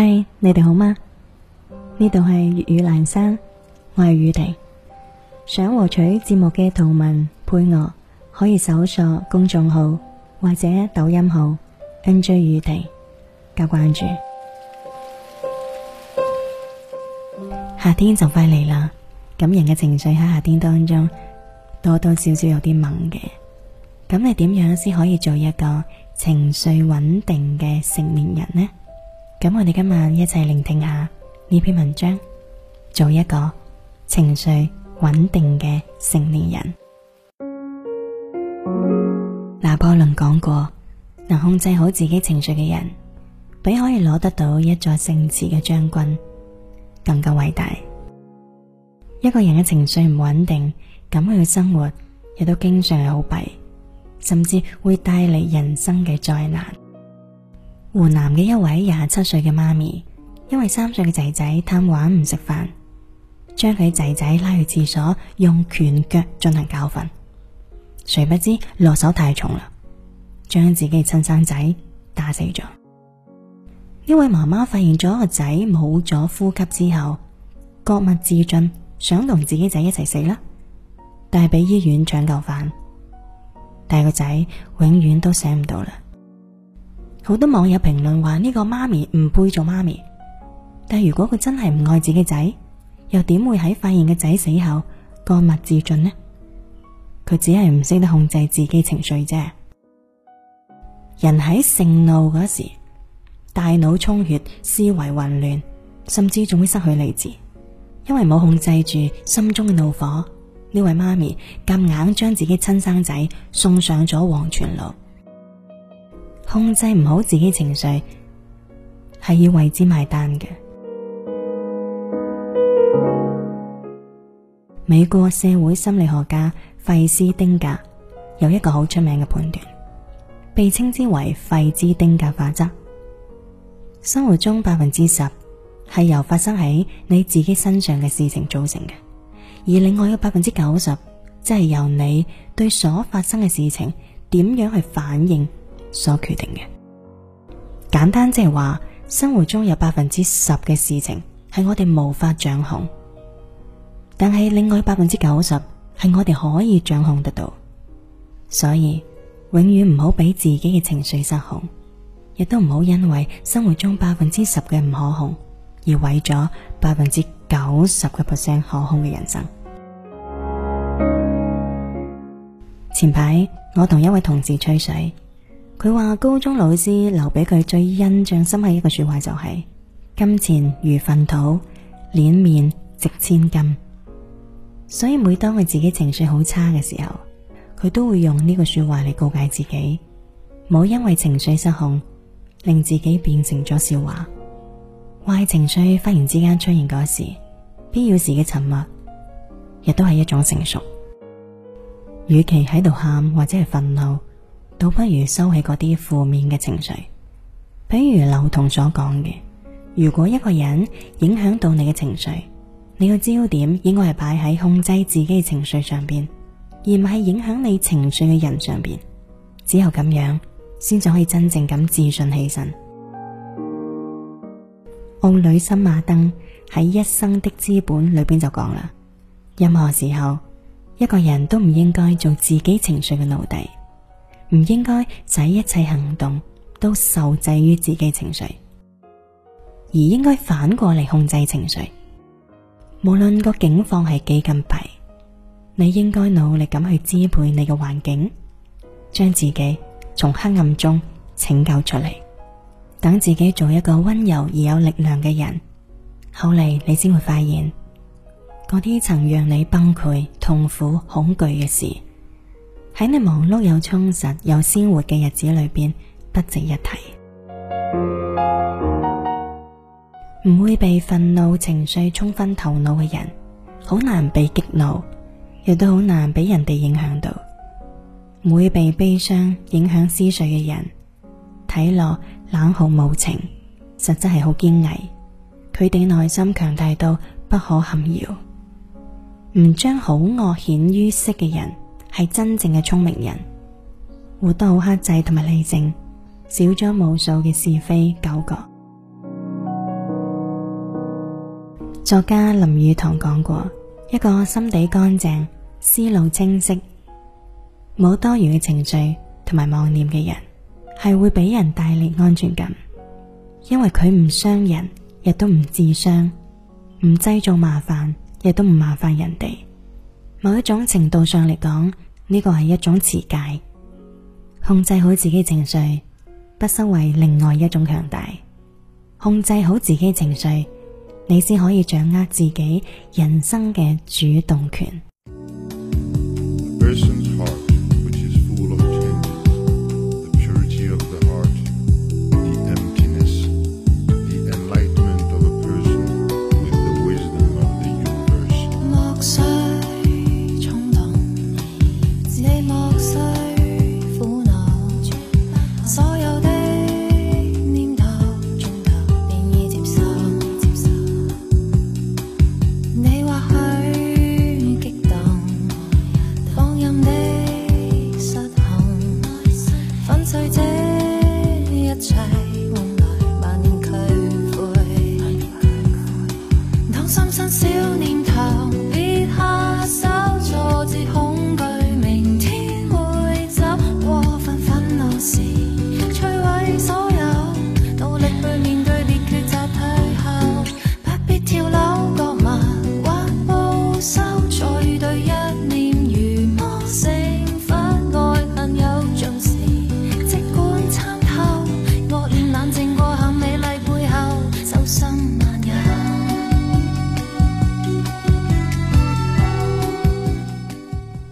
嗨，Hi，你哋好嗎？呢度係粵語闌珊，我係雨婷。想獲取節目嘅圖文配樂，可以搜索公眾號或者抖音號 N J 雨婷加關注。夏天就快嚟啦，感人嘅情緒喺夏天當中多多少少有啲猛嘅，咁你點樣先可以做一個情緒穩定嘅成年人呢？咁我哋今晚一齊聆聽下呢篇文章，做一個情緒穩定嘅成年人。拿破崙講過，能控制好自己情緒嘅人，比可以攞得到一座城池嘅將軍更加偉大。一個人嘅情緒唔穩定，咁佢嘅生活亦都經常係好弊，甚至會帶嚟人生嘅災難。湖南嘅一位廿七歲嘅媽咪，因為三歲嘅仔仔貪玩唔食飯，將佢仔仔拉去廁所用拳腳進行教訓，誰不知落手太重啦，將自己嘅親生仔打死咗。呢位媽媽發現咗個仔冇咗呼吸之後，割脈自盡，想同自己仔一齊死啦，但係俾醫院搶救返。但係個仔永遠都醒唔到啦。好多網友評論話呢個媽咪唔配做媽咪，但如果佢真係唔愛自己仔，又點會喺發現個仔死後干物自盡呢？佢只係唔識得控制自己情緒啫。人喺盛怒嗰時，大腦充血，思維混亂，甚至仲會失去理智，因為冇控制住心中嘅怒火，呢位媽咪夾硬將自己親生仔送上咗黃泉路。控制唔好自己情緒，係要為之埋單嘅。美國社會心理學家費斯丁格有一個好出名嘅判斷，被稱之為費斯丁格法則。生活中百分之十係由發生喺你自己身上嘅事情造成嘅，而另外嘅百分之九十即係由你對所發生嘅事情點樣去反應所決定嘅，簡單即係話，生活中有百分之十嘅事情係我哋無法掌控，但係另外百分之九十係我哋可以掌控得到。所以永遠唔好俾自己嘅情緒失控，亦都唔好因為生活中百分之十嘅唔可控而毀咗百分之九十嘅 percent 可控嘅人生。前排我同一位同事吹水。佢話高中老師留俾佢最印象深刻一個說話就係金錢如糞土，臉面值千金。所以每當佢自己情緒好差嘅時候，佢都會用呢個說話嚟告誡自己，冇因為情緒失控令自己變成咗笑話。壞情緒忽然之間出現嗰時，必要時嘅沉默亦都係一種成熟。與其喺度喊或者係憤怒。倒不如收起嗰啲負面嘅情緒，比如劉同所講嘅，如果一個人影響到你嘅情緒，你嘅焦點應該係擺喺控制自己嘅情緒上邊，而唔係影響你情緒嘅人上邊。只有咁樣，先至可以真正咁自信起身。奧里森馬登喺《一生的資本》裏邊就講啦，任何時候，一個人都唔應該做自己情緒嘅奴隸。唔應該使一切行動都受制於自己情緒，而應該反過嚟控制情緒。無論個境況係幾咁弊，你應該努力咁去支配你嘅環境，將自己從黑暗中拯救出嚟，等自己做一個溫柔而有力量嘅人。後嚟你先會發現，嗰啲曾讓你崩潰、痛苦、恐懼嘅事，喺你忙碌又充實又鮮活嘅日子裏邊，不值一提。唔 會被憤怒情緒沖昏頭腦嘅人，好難被激怒，亦都好難俾人哋影響到。唔會被悲傷影響思緒嘅人，睇落冷酷無情，實質係好堅毅。佢哋內心強大到不可撼搖。唔將好惡顯於色嘅人，係真正嘅聰明人，活得好克制同埋理性，少咗無數嘅是非糾葛。作家林語堂講過：一個心底乾淨、思路清晰、冇多餘嘅情緒同埋妄念嘅人，係會俾人帶嚟安全感，因為佢唔傷人，亦都唔自傷，唔製造麻煩，亦都唔麻煩人哋。某一種程度上嚟講，呢個係一種持戒，控制好自己情緒，不失為另外一種強大。控制好自己情緒，你先可以掌握自己人生嘅主動權。破苦惱， 所有的念頭轉頭便已接受。你或許激動，放任的失控，粉碎這一切。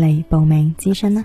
嚟報名諮詢啦！